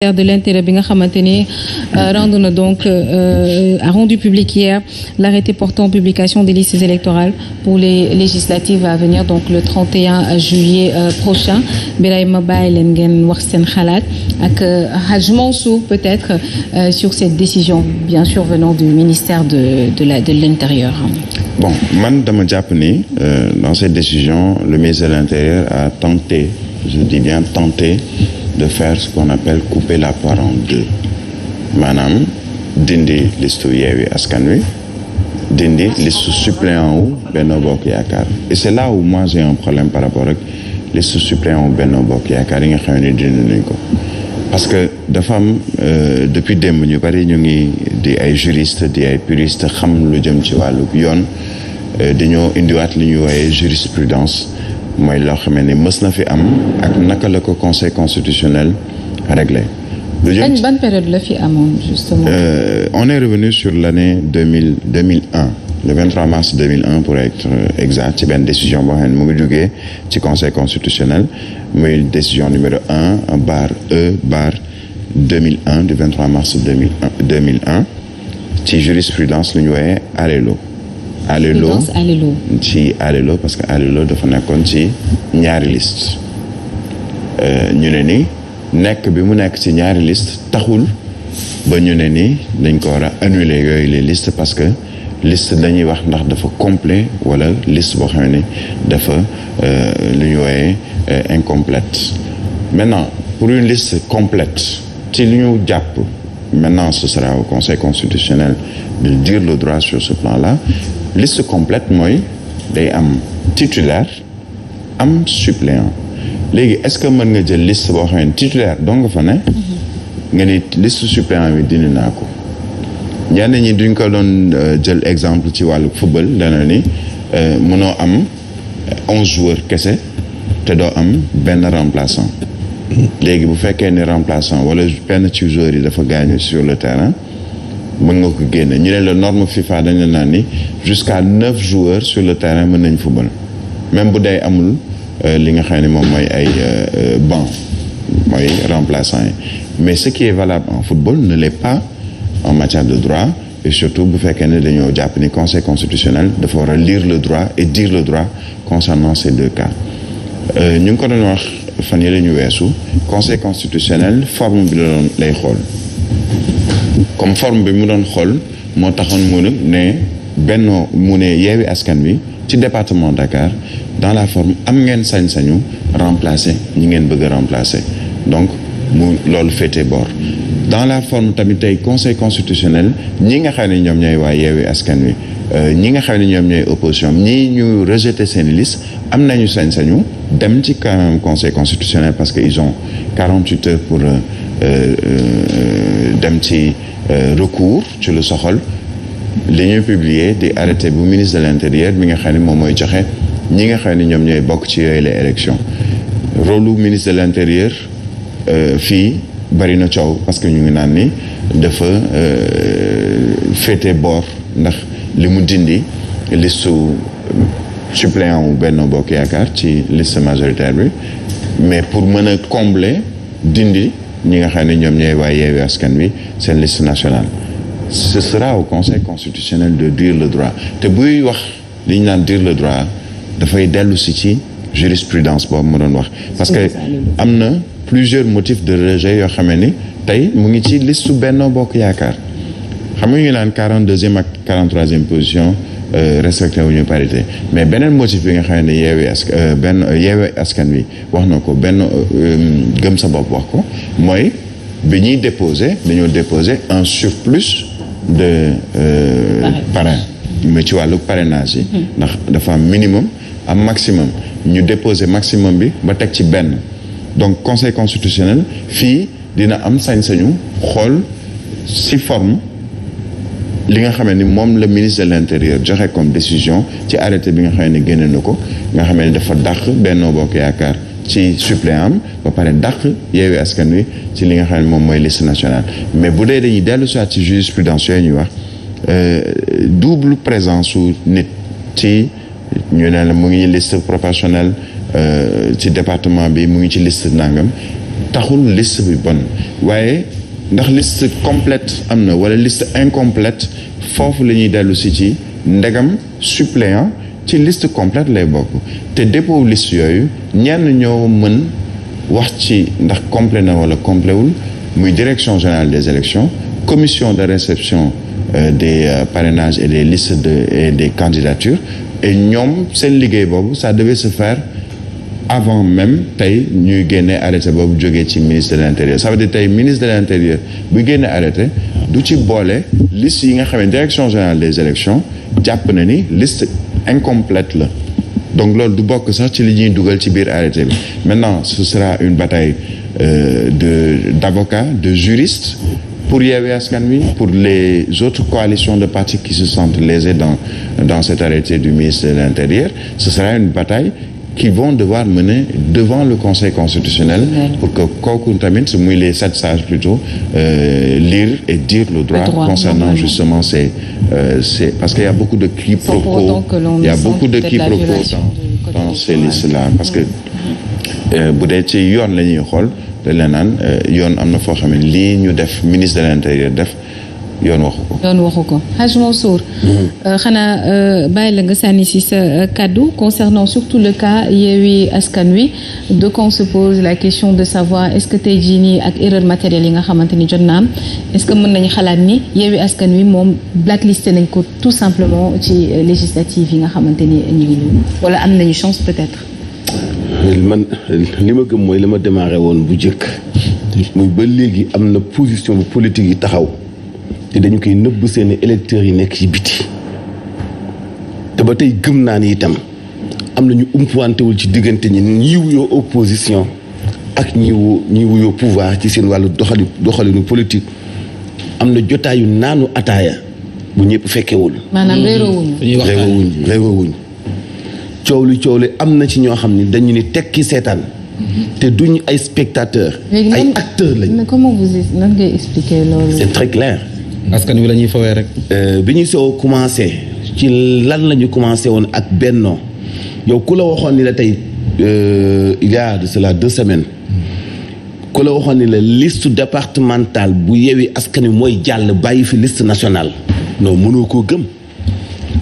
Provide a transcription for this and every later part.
ministère de l'Intérieur bi nga xamante ni euh, rendu na donc euh, euh, a rendu public hier l'arrêté portant publication des listes électorales pour les législatives à venir donc le juillet euh, prochain Birahima Baye leen ngeen wax seen xalaat ak Hadj Mansour peut-être sur cette décision bien sûr venant du ministère de l'Intérieur. Bon, man dama jàpp ni dans cette décision le ministère de l'Intérieur a tenté je dis bien tenté de faire ce qu'on appelle couper la poire en deux maanaam dindi listu Yewwi Askan Wi dindi ah, listu suppléant wu Benno Bokk Yaakaar et c'est là où moi j'ai un problème par rapport ak listu suppléant wu Benno Bokk Yaakaar yi nga xam ne dindi ni ko parce que dafa am euh, depuis démb ñu bari ñu ngi di ay juriste di ay puriste xam lu jëm ci wàllu yoon euh, dañoo indiwaat li ñuy woowee jurisprudence mooy loo xamee ni mës na fi am ak naka la ko conseil constitutionnel réglé. ban période la fi amoon euh, on est revenu sur l' année deux mille deux mille un le 23 mars 2001 pour être euh, exact ci benn décision boo xam ne mu jógee ci conseil constitutionnel muy décision numéro un barre E barre 2001 du 23 mars 2001 ci jurisprudence lu ñu wooyee Arello. Alelo ci parce que Alelo dafa nekkoon ci ñaari liste euh, ñu ne ni nekk bi mu nekk ci ñaari liste taxul ba ñu ne ni dañ ko war a annuler yooyu les listes parce que liste dañuy wax ndax dafa complet wala liste boo xam ne dafa euh, lu ñu wooyee euh, incomplète maintenant pour une liste complète ci lu ñu jàpp Maintenant, ce sera au Conseil constitutionnel de dire le droit sur ce plan-là. Liste complète mooy day am titulaire am suppléant léegi est-ce que mën nga jël liste boo xam ne titulaire donc nga fa ne. Mhm. nga ni liste suppléant bi dindi naa ko. ñenn ñi duñ ko doon euh, jël exemple ci wàllu football dana ni euh, mënoo am onze joueurs kese te doo am benn remplaçant. léegi bu fekkee ni remplaçant wala benn ci joueur yi dafa gaañu sur le terrain mën nga ko génne ñu ne la norme FIFA dañu la naan ni jusqu'à neuf joueurs sur le terrain mën nañ football même bu dee amul euh, li nga xam ne moom mooy ay euh, euh, banc mooy remplaçant yi mais ce qui est valable en football ne l'est pas en matière de droit et surtout bu fekkee ne dañoo jàpp ni conseil constitutionnel dafa war a liir le droit et dire le droit concernant ces deux cas ñu ngi ko doon wax fan yi la ñu weesu conseil constitutionnel forme bi la doon lay xool comme forme bi mu doon xool moo taxoon mu ne bennoo mu ne yeewi askan wi ci département Dakar dans la forme am ngeen sañ-sañu remplacer ñi ngeen bëgg a donc mu loolu féete boor dans la forme tamit tey conseil constitutionnel ñi nga xam ne ñoom ñooy waaye yeewi askan wi euh, ñi nga xam ne ñoom ñooy opposition ñii ñu rejeté seen liste am nañu sañ-sañu dem ci kanam conseil constitutionnel parce que ils ont 48 heures pour euh, euh, dem ci euh, recours ci lu soxal li ñuy publier di arrêté bu ministre de l' intérieur bi nga xam ne moom mooy joxe ñi nga xam ne ñoom ñooy bokk ci yooyu les élections rôle ministre de l' intérieur fii bari na coow parce que ñu ngi naan ni dafa féete boor ndax li mu dindi listu suppléant wu Benno Bokk Yaakaar ci liste majoritaire bi mais pour mën a combler dindi ñi nga xam ne ñoom ñooy waaye Yewwi Askan Wi seen liste nationale ce sera au conseil constitutionnel de dire le droit te buy wax liñ ñu naan dire le droit dafay dellu si ci jurisprudence boobu ma doon wax parce que am na plusieurs motifs de rejet yoo xam ni tey mu ngi ci liste Benno Bokk Yaakaar xam nga ñu naan quarante deuxième ak quarante position Euh, respecté wuñu parité mais beneen motif bi nga xam ne yeewi ask euh, benn euh, yeewi askan wi wax na ko benn gëm sa bopp wax ko mooy bi ñuy déposé dañoo déposé un surplus de parrain mais ci wàllu parenage yi hmm. ndax dafa am minimum am maximum ñu déposé maximum bi ba teg ci benn donc conseil constitutionnel fii dina am sañ-sañu xool si forme li nga xam ni moom la ministre de l' intérieur joxe comme décision ci arrêté bi nga xam ne génne na ko nga xam ne dafa dàq Benno Bokk Yaakaar ci suppléant am ba pare dàq Yewwi Askan Wi ci li nga xam ne moom mooy liste national mais bu dee dañuy dellu soit ci jurisprudence yooyu ñuy wax euh, double présence su nit ci ñu ne la mu ngi liste professionnelle euh, ci département bi mu ngi ci liste nangam taxul list bi bon waaye ndax liste complète am na wala list incomplète foofu la ñuy dellu si ci ndegam suppléant ci liste complète lay bokk te dépôt list yooyu ñenn ñoo mën wax ci ndax complet na wala complet wul muy direction générale des élections commission de réception euh, des euh, parrainages et des listes des candidatures et ñoom seen liggéey boobu ça devait se faire avant même tey ñuy génnee arrêté boobu jógee ci ministre de l'intérieur ça veut dire tey ministre de l'intérieur bu génne arrêté du ci boole liste yi nga xam ne direction générale des élections jàpp na ni liste incomplète la donc loolu du bokk sax ci li ñuy dugal ci biir arrêté bi maintenant ce sera une bataille euh, de d'avocats de juristes pour Yewwi Askan Wi pour les autres coalitions de partis qui se sentent lésés dans dans cet arrêté du ministre de l'Intérieur qui vont devoir mener devant le Conseil constitutionnel pour que kooku tamit su muy les sept sages plutôt euh, lire et dire le droit, le droit concernant justement euh, ces parce qu'il y a beaucoup de quiproquos il y a beaucoup de quiproquos dans, dans ces là parce que euh, bu dee ci yoon la ñuy xool dañ la naan euh, yoon am na foo xam ne lii ñu def ministre de l'Intérieur def yoon waxu ko. yoon waxu ko Hadj Mansour. Mm-hmm. Euh, xanaa euh, bàyyi la nga sànni si sa euh, kàddu concernant surtout le cas Yewwi Askan Wi donc on la question de savoir est-ce que tey jii nii ak erreur matérielle yi nga xamante ni jot na am ce que mën nañu xalaat ni Yewwi Askan Wi moom blacklisté nañ ko tout simplement ci législative yi nga xamante ni ñu am nañu chance peut-être. man li ma gëm mooy li ma démarré woon bu njëkk. muy ba léegi am na position bu politique yi taxaw. te dañu koy nëbb seen électeurs yi nekk ci biti te ba tey gëm naa ni itam am na ñu umpuwantewul ci diggante ñi ñi wuyoo opposition ak ñi wu ñi wuyoo pouvoir ci seen wàllu doxali doxalinu politique am na jotaayu naanu ataaya bu ñëpp fekkewul maanaam réeroowuñ réeroowuñ coow li coow li am na ci ñoo xam ne dañu ni tekki seetaan mm-hmm. te duñu ay spectateur ay acteur lañ comment c'est très clair askan wi lañuy ñuy fawee rek. Euh, bi ñu soo commencé ci lan la ñu commencé woon ak bennoo yow ku la waxoon ni la tey euh, il y a de cela deux semaines ku la waxoon ni la liste départementale bu yewi askan wi mooy jàll bàyyi fi liste nationale non mënoo koo gëm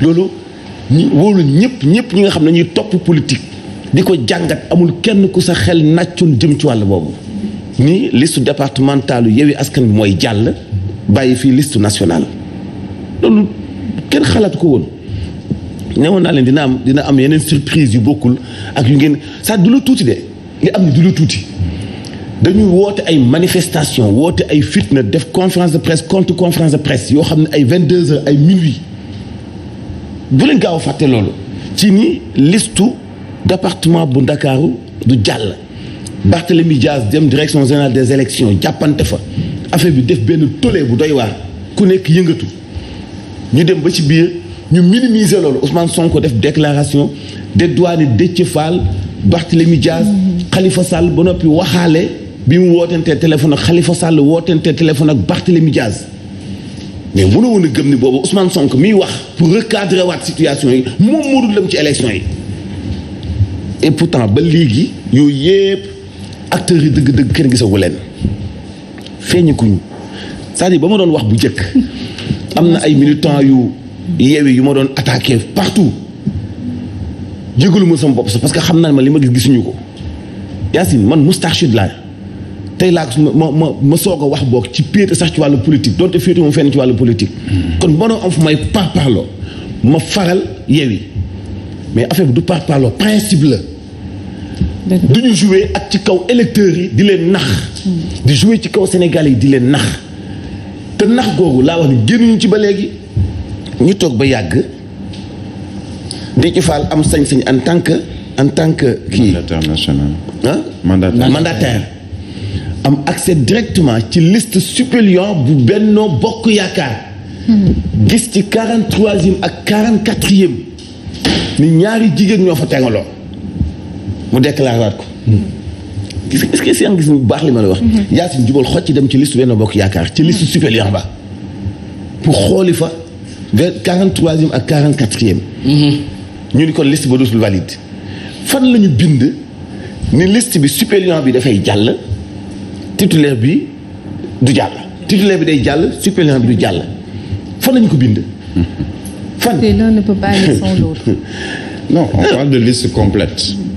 loolu ñu wóolu ñëpp ñëpp ñi nga xam ne ñuy topp politique di ko jàngat amul kenn ku sa xel nàccoon jëm ci wàll boobu ni liste départementale yewi askan wi mooy jàll. bàyyi fii listu nationale loolu kenn xalaatu ko woon ne woon naa leen dina am dina am yeneen surprise yu bokkul ak yu ngeen ça du la tuuti de li am ni du la tuuti dañuy woote ay manifestation woote ay fitna def conférence de presse contre conférence de presse yoo xam ne ay 22 heures ay minuit bu leen gaaw a fàtte loolu ci ni listu département bu Ndakaaru du jàll Barthélémy Dias dem direction générale des élections jàppante fa affaire bi def benn tolee bu doy waar ku nekk yëngatu ñu dem ba ci biir ñu minimiser loolu Ousmane Sonko def déclaration dédouane Déthié Fall Barthélémy Diaz mhm. Khalifa Sall ba noppi waxaale bi mu wootentee téléphone ak xalifa Sall wootentee téléphone ak Barthélémy Diaz mais mënoo woon a gëm ni boobu Ousmane Sonko miy wax pour recadrer waat situation yi moom moo dul lëm ci élection yi et ba léegi yooyu yëpp acteurs yi dëgg-dëgg kenn gisagu leen feeñikuñu c'est-à-dire ba ma doon wax bu njëkk am na ay militants yu yeewi yu ma doon attaqué partout jégalu ma sama bopp sax parce que xam naa ma li ma gis gisuñu ko Yacine man moustachid laa tey laa ma ma ma soog a wax boog ci péete sax ci wàllu politique donte féete moom fenn ci wàllu politique kon ba doon am fu may par parparloo ma faral yeewi mais affaire bi du par principe la du ñu jouer ak ci kaw électeurs yi di leen nax di jouer ci kaw Sénégal yi di leen nax te nax googu laa wax ni génnuñu ci ba léegi ñu toog ba yàgg Déthié Fall am sañ-sañ en tant que en tant que kii mandataire national ah mandataire am accès directement ci list supérieure bu Benno Bokk Yaakaar gis ci 43e ak 44e ni ñaari jigéen ñoo fa tegaloo mu déclaré waat ko. gis est-ce gis baax li ma la wax. Mhm. Yacine jubal xoj ci dem ci liste benn bokk yaakaar ci liste supérieure ba pour xooli fa vers quarante troisième ak quarante quatrième. Mhm. ñu ni kon list ba dootul valide. fan la bind ni liste bi suppléant bi dafay jàll titulaire bi du jàll. titulaire bi day jàll suppléant bi du jàll fan la ko bind. fan. l'un ne non on de liste complète.